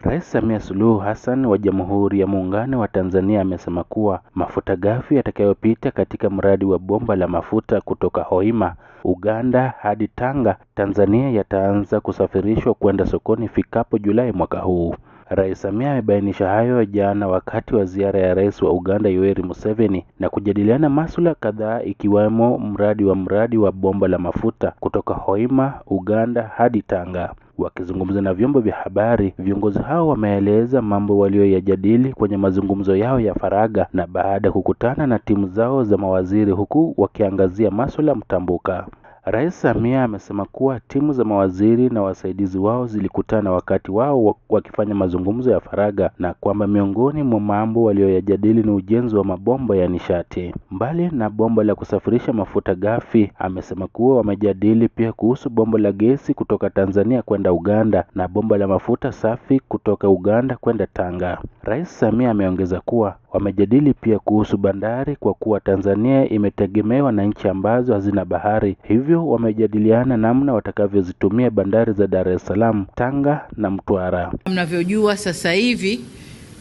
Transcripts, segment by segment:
Rais Samia Suluhu Hassan wa Jamhuri ya Muungano wa Tanzania amesema kuwa mafuta ghafi yatakayopita katika mradi wa bomba la mafuta kutoka Hoima, Uganda hadi Tanga, Tanzania yataanza kusafirishwa kwenda sokoni ifikapo Julai mwaka huu. Rais Samia amebainisha hayo jana wakati wa ziara ya Rais wa Uganda Yoweri Museveni na kujadiliana masuala kadhaa ikiwemo mradi wa mradi wa bomba la mafuta kutoka Hoima, Uganda hadi Tanga. Wakizungumza na vyombo vya habari, viongozi hao wameeleza mambo walioyajadili kwenye mazungumzo yao ya faragha na baada ya kukutana na timu zao za mawaziri huku wakiangazia masuala mtambuka. Rais Samia amesema kuwa timu za mawaziri na wasaidizi wao zilikutana wakati wao wakifanya mazungumzo ya faragha na kwamba miongoni mwa mambo walioyajadili ni ujenzi wa mabomba ya nishati. Mbali na bomba la kusafirisha mafuta ghafi, amesema kuwa wamejadili pia kuhusu bomba la gesi kutoka Tanzania kwenda Uganda na bomba la mafuta safi kutoka Uganda kwenda Tanga. Rais Samia ameongeza kuwa Wamejadili pia kuhusu bandari kwa kuwa Tanzania imetegemewa na nchi ambazo hazina bahari. Hivyo wamejadiliana namna watakavyozitumia bandari za Dar es Salaam, Tanga na Mtwara. Mnavyojua sasa hivi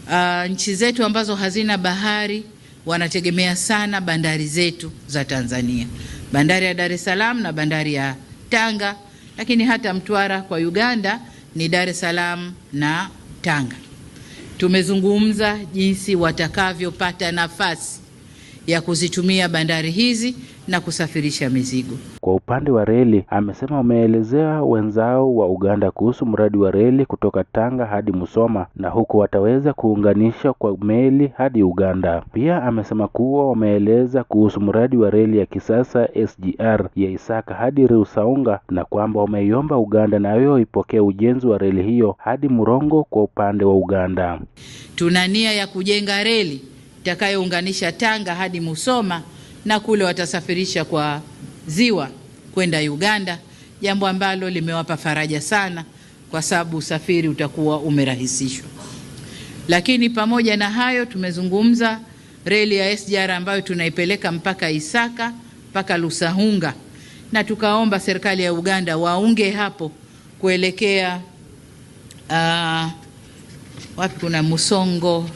uh, nchi zetu ambazo hazina bahari wanategemea sana bandari zetu za Tanzania, bandari ya Dar es Salaam na bandari ya Tanga, lakini hata Mtwara kwa Uganda ni Dar es Salaam na Tanga tumezungumza jinsi watakavyopata nafasi ya kuzitumia bandari hizi na kusafirisha mizigo. Kwa upande wa reli, amesema wameelezea wenzao wa Uganda kuhusu mradi wa reli kutoka Tanga hadi Musoma na huku wataweza kuunganisha kwa meli hadi Uganda. Pia amesema kuwa wameeleza kuhusu mradi wa reli ya kisasa SGR ya Isaka hadi Rusaunga na kwamba wameiomba Uganda nayo ipokee ujenzi wa reli hiyo hadi Murongo kwa upande wa Uganda. Tuna nia ya kujenga reli itakayounganisha Tanga hadi Musoma na kule watasafirisha kwa ziwa kwenda Uganda, jambo ambalo limewapa faraja sana, kwa sababu usafiri utakuwa umerahisishwa. Lakini pamoja na hayo, tumezungumza reli ya SGR ambayo tunaipeleka mpaka Isaka mpaka Lusahunga, na tukaomba serikali ya Uganda waunge hapo kuelekea uh, wapi kuna Musongo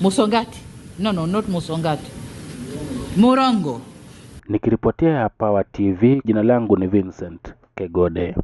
Musongati. No, no, not Musongati. Murongo. Nikiripotia Power TV, jina langu ni Vincent Kegode.